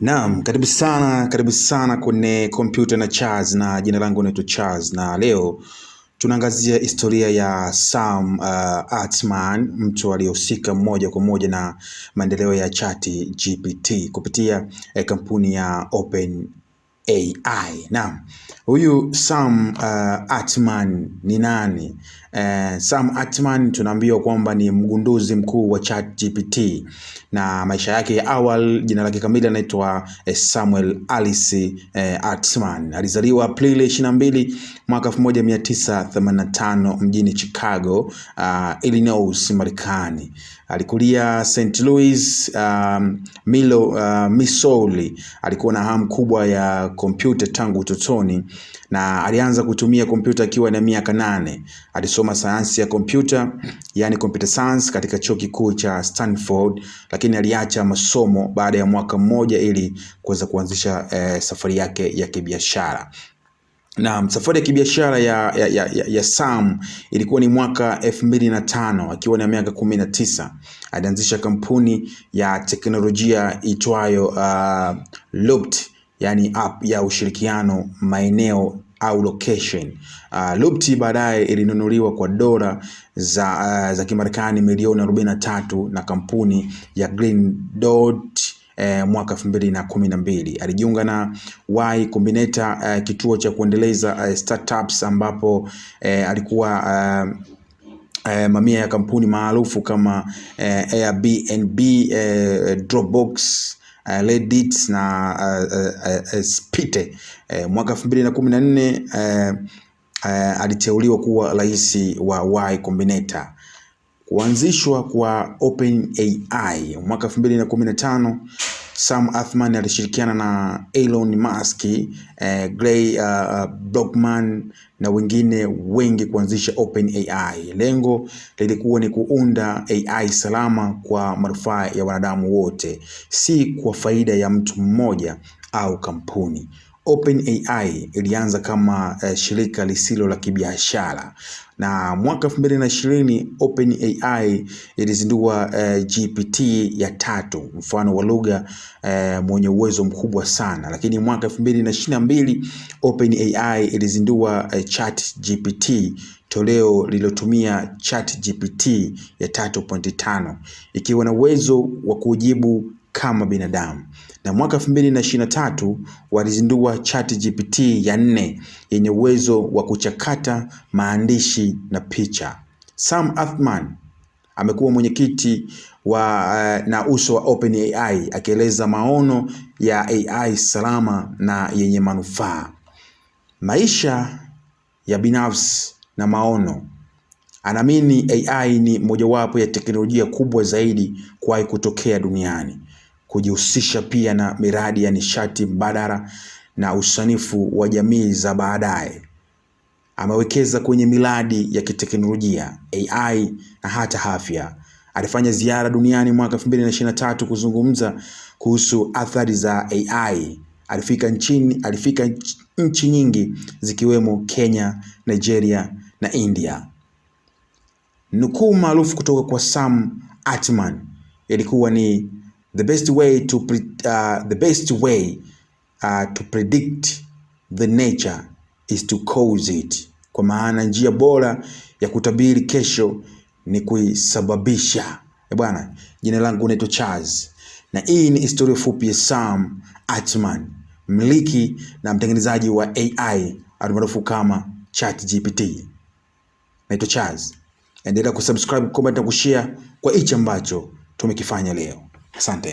Naam, karibu sana, karibu sana kwenye Computer na Charles na jina langu naitwa Charles na leo tunaangazia historia ya Sam uh, Altman, mtu aliyehusika moja kwa moja na maendeleo ya chati GPT kupitia eh, kampuni ya Open AI. Naam, huyu Sam uh, Altman ni nani? eh, Sam Altman tunaambiwa kwamba ni mgunduzi mkuu wa ChatGPT na maisha yake ya awali, jina lake kamili anaitwa eh, Samuel Alice eh, Altman. Alizaliwa Aprili 22 mwaka 1985 mjini Chicago, uh, Illinois, Marekani. Alikulia St. Louis um, Milo, uh, Missouri. Alikuwa na hamu kubwa ya kompyuta tangu utotoni na alianza kutumia kompyuta akiwa na miaka nane. Alisoma kusoma sayansi ya kompyuta yani computer science katika chuo kikuu cha Stanford, lakini aliacha masomo baada ya mwaka mmoja ili kuweza kuanzisha eh, safari yake ya kibiashara. na safari ya kibiashara ya, ya, ya, ya Sam ilikuwa ni mwaka elfu mbili na tano akiwa na miaka kumi na tisa alianzisha kampuni ya teknolojia itwayo uh, ah, Loopt, yani app ya ushirikiano maeneo au location. Uh, ah, Lupti baadaye ilinunuliwa kwa dola za, uh, za Kimarekani milioni 43 na kampuni ya Green Dot eh, mwaka 2012. Alijiunga na Y Combinator eh, kituo cha kuendeleza eh, startups ambapo eh, alikuwa eh, eh, mamia ya kampuni maarufu kama eh, Airbnb, eh, Dropbox Reddit eh, na eh, eh, Spite. Mwaka Spite uh, mwaka 2014 uh, uh, aliteuliwa kuwa rais wa Y Combinator. Kuanzishwa kwa OpenAI mwaka 2015 mbili Sam Altman alishirikiana na Elon Musk, eh, Gray uh, uh Blockman na wengine wengi kuanzisha OpenAI. Lengo lilikuwa ni kuunda AI salama kwa manufaa ya wanadamu wote, si kwa faida ya mtu mmoja au kampuni. OpenAI ilianza kama uh, shirika lisilo la kibiashara na mwaka 2020 OpenAI ilizindua uh, eh, GPT ya tatu, mfano wa lugha uh, mwenye uwezo mkubwa sana. Lakini mwaka 2022 OpenAI ilizindua uh, ChatGPT toleo lililotumia ChatGPT ya 3.5 ikiwa na uwezo wa kujibu kama binadamu. Na mwaka 2023 walizindua ChatGPT ya nne yenye uwezo wa kuchakata maandishi na picha. Sam Altman amekuwa mwenyekiti wa uh, na uso wa OpenAI akieleza maono ya AI salama na yenye manufaa. Maisha ya binafsi na maono. Anaamini AI ni mojawapo ya teknolojia kubwa zaidi kuwahi kutokea duniani kujihusisha pia na miradi ya nishati mbadala na usanifu wa jamii za baadaye. Amewekeza kwenye miradi ya kiteknolojia, AI na hata afya. Alifanya ziara duniani mwaka 2023 kuzungumza kuhusu athari za AI. Alifika nchini, alifika nchi nyingi zikiwemo Kenya, Nigeria na India. Nukuu maarufu kutoka kwa Sam Altman ilikuwa ni the best way to pre uh, the best way uh, to predict the nature is to cause it, kwa maana njia bora ya kutabiri kesho ni kuisababisha. E bwana, jina langu naitwa Charles na hii ni historia fupi ya Sam Altman, mmiliki na mtengenezaji wa AI almaarufu kama gpt Naitwa Charles, endelea kusubscribe, comment na kushare kwa hichi ambacho tumekifanya leo. Asante.